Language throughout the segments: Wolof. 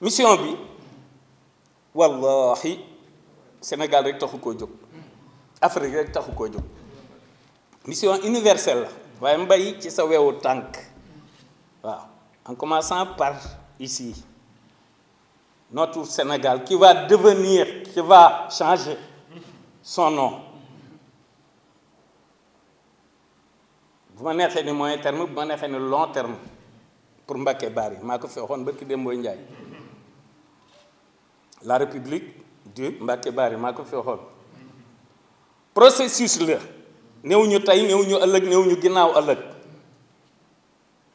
mission bi wallahi Sénégal rek taxu ko jóg Afrique rek taxu ko jóg mission universelle la waaye mbay ci sa wewu tànk waaw en commençant par ici notre Sénégal qui va devenir qui va changer son nom bu ma neexee ni moyen terme bu ma neexee ni long terme pour Mbacké Bari maa ko fi waxoon barki Dembo Ndiaye la république du Mbacké Bari maa ko fi waxoon procesus la néew ñu tey néew ñu ëllëg néew ñu ginnaaw ëllëg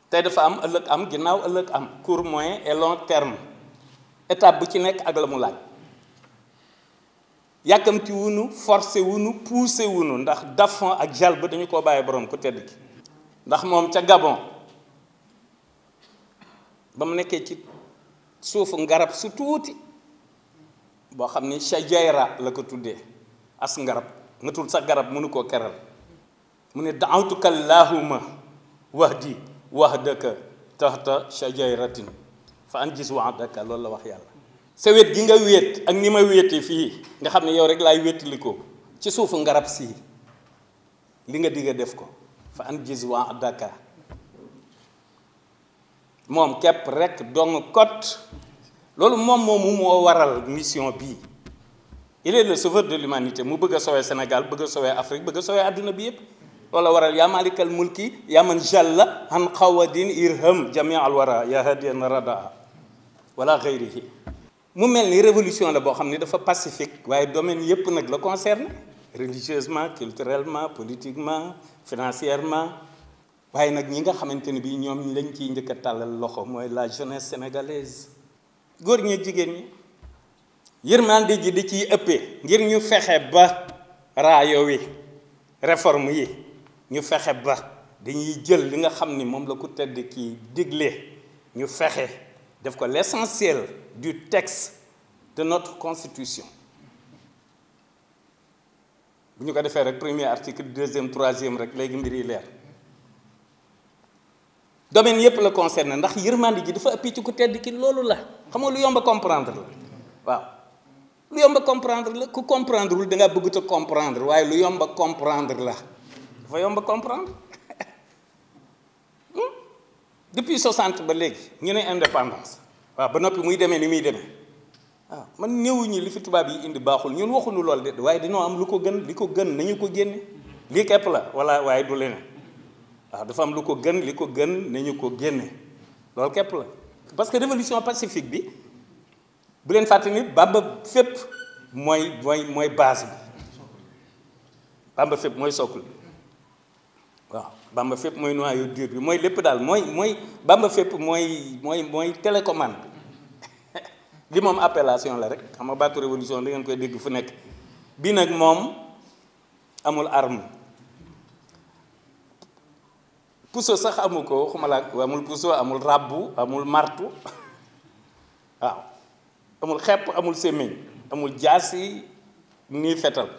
tey dafa am ëllëg am ginnaaw ëllëg am court moyen et long terme état bu ci nekk ak la mu laaj yàkkamti wunu forcé wunu poussé wunu ndax dafon ak jal dañu ko bàyyi boroom ku tedd ki ndax moom ca Gabon ba mu nekkee ci suufu ngarab su tuuti boo xam ne shajayra la ko tuddee as ngarab natul sax garab mënu koo keral mu ne wax di wax wahdaka taxta shajaratin fa anjis waadaka loolu la wax yàlla sa wéet gi nga wéet ak ni ma wéete fii nga xam ne yow rek laay wéetali ko ci suufu ngarab sii li nga digga def ko fa anjis waadaka moom kepp rek dong kot loolu moom moomu moo waral mission bii il est le sauveur de l'humanité mu bëgg sauver sowee Sénégal bëgg sauver sowee Afrique bëgg sauver sowee àdduna bi yëpp loolu waral yaa malikal mulki yaa man jalla han xawadin irham jami al wara ya hadiyan radaa wala xeyrihi mu mel ni révolution la boo xam ne dafa pacifique waaye domaine yëpp nag la concerne religieusement culturellement politiquement financièrement waaye nag ñi nga xamante ne bii ñoom lañ ciy njëkk a tàllal loxo mooy la jeunesse sénégalaise góor ñi jigéen ñi yërmande ji di ciy ëppee ngir ñu fexe ba raayo wi réforme yi ñu fexe ba dañuy jël li nga xam ni moom la ko tedd kii digle ñu fexe def ko l'essentiel du texte de notre constitution bu ñu ko defee rek premier article deuxième troisième rek léegi mbir yi leer domaine yépp la concerné ndax yermandi gi dafa ëppi ci ku tedd ki loolu la xam nga lu yomb comprendre la waaw lu yomb comprendre la ku comprendre wul da nga bëgg a comprendre waaye lu yomb comprendre la dafa yomb comprendre hmm? depuis 60 ba léegi ñu ne indépendance waaw ba noppi muy demee ni muy demee waaw man néewu ñi li fi tubaab yi indi baaxul ñun waxuñu lool de waaye dañoo am lu ko gën li ko gën nañu ko génne lii képp la wala waaye du leneen Les femmes am lu ko gën li ko gën la parce que révolution pacifique bi bu leen fàtte ni Bamba fépp mooy mooy base bi Bamba fépp mooy socle bi Bamba noyau dur bi télécommande bi li moom appellation la rek xam nga révolution da ngeen koy dégg fu arme puso sax amu ko xumalaak amul puso amul rabbu amul martu waaw amul xepp amul sémmiñ amul jaasi nii fetal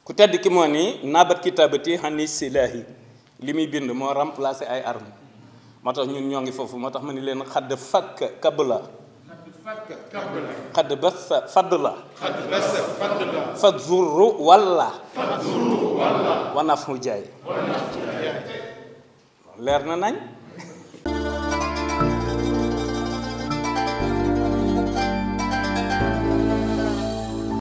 ku tedd ki moo ni nabat kitabati hani silahi li muy bind moo remplacé ay arme moo tax ñun ñoo ngi foofu moo tax ma ni leen xadd fakk kab la xadd bas fadd la fad zurru walla wanaaf mu jaay leer na nañ